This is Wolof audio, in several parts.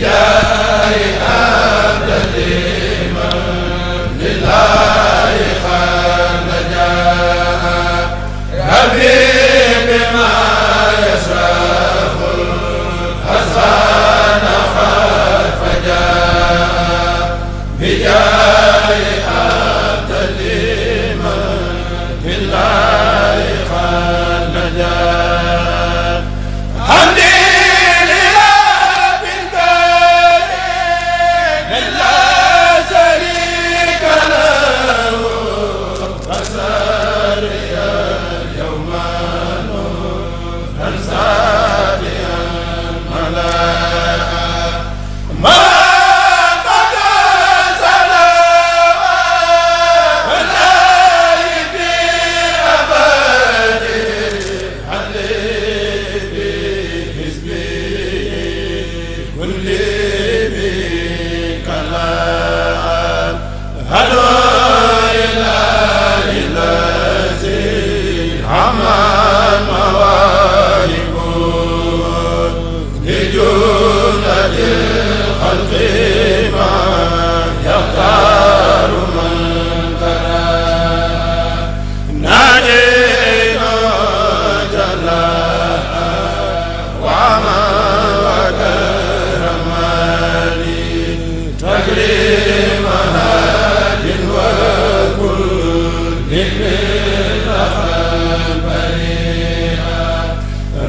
yaa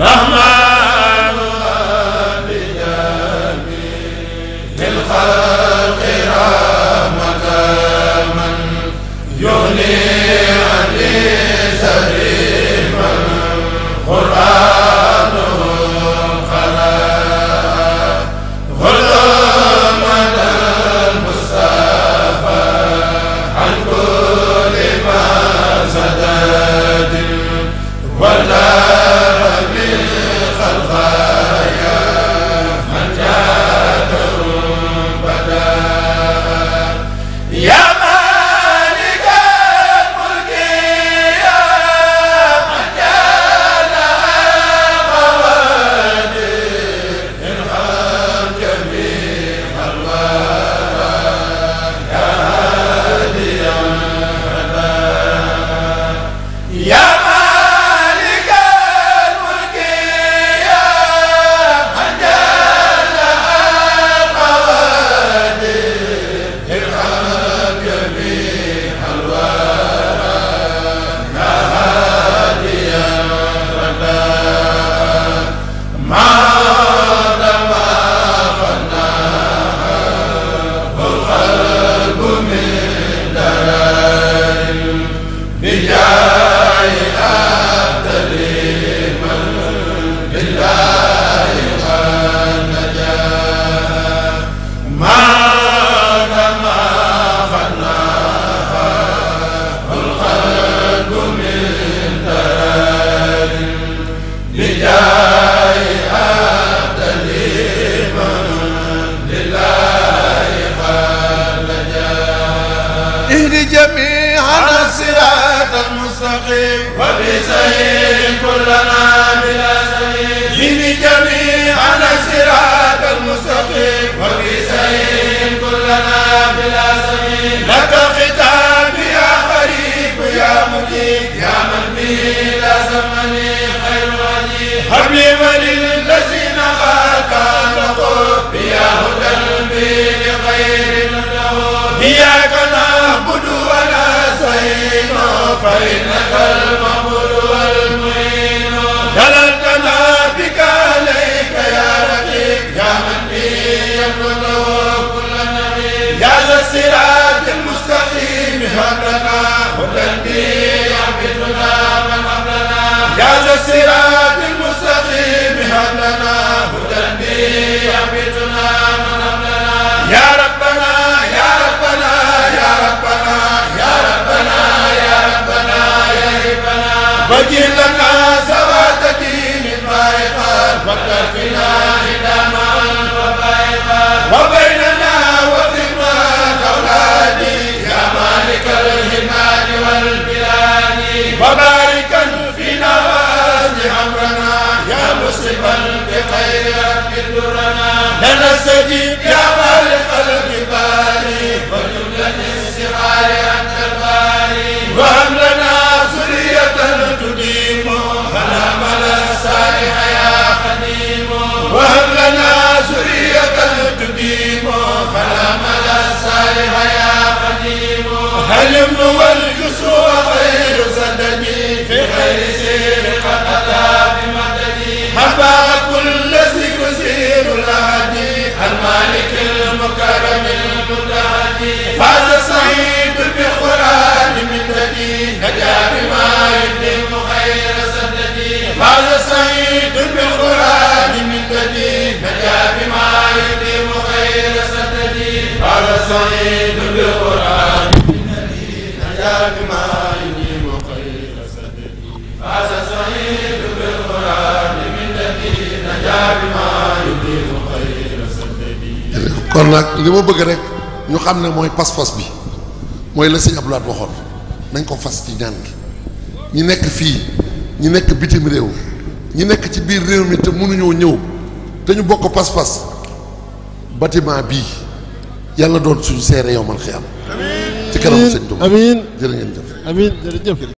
Ram جميعا على الصراط المستقيم وبسهيل كلنا بلا سهيل بني جميعا الصراط المستقيم وبسهيل كلنا بلا سهيل لك ختام يا قريب يا مجيب يا من به لا زمني خير ولي حبيبا فإنك المولى Nerede سعيد kon nak lima bëgg rek ñu xam ne mooy pas-pas bi mooy la sëñ abdoulaat waxoon nañ ko fas ci ñaan gi ñi nekk fii ñi nekk bitim réew ñi nekk ci biir réew mi te mënuñoo ñëw te ñu bokk pas-pas bâtiment bii yàlla doon suñu seere yow man xiyam ci kanam sëñ Tuubaa amiin jërë ngeen jëf amiin jërëjëf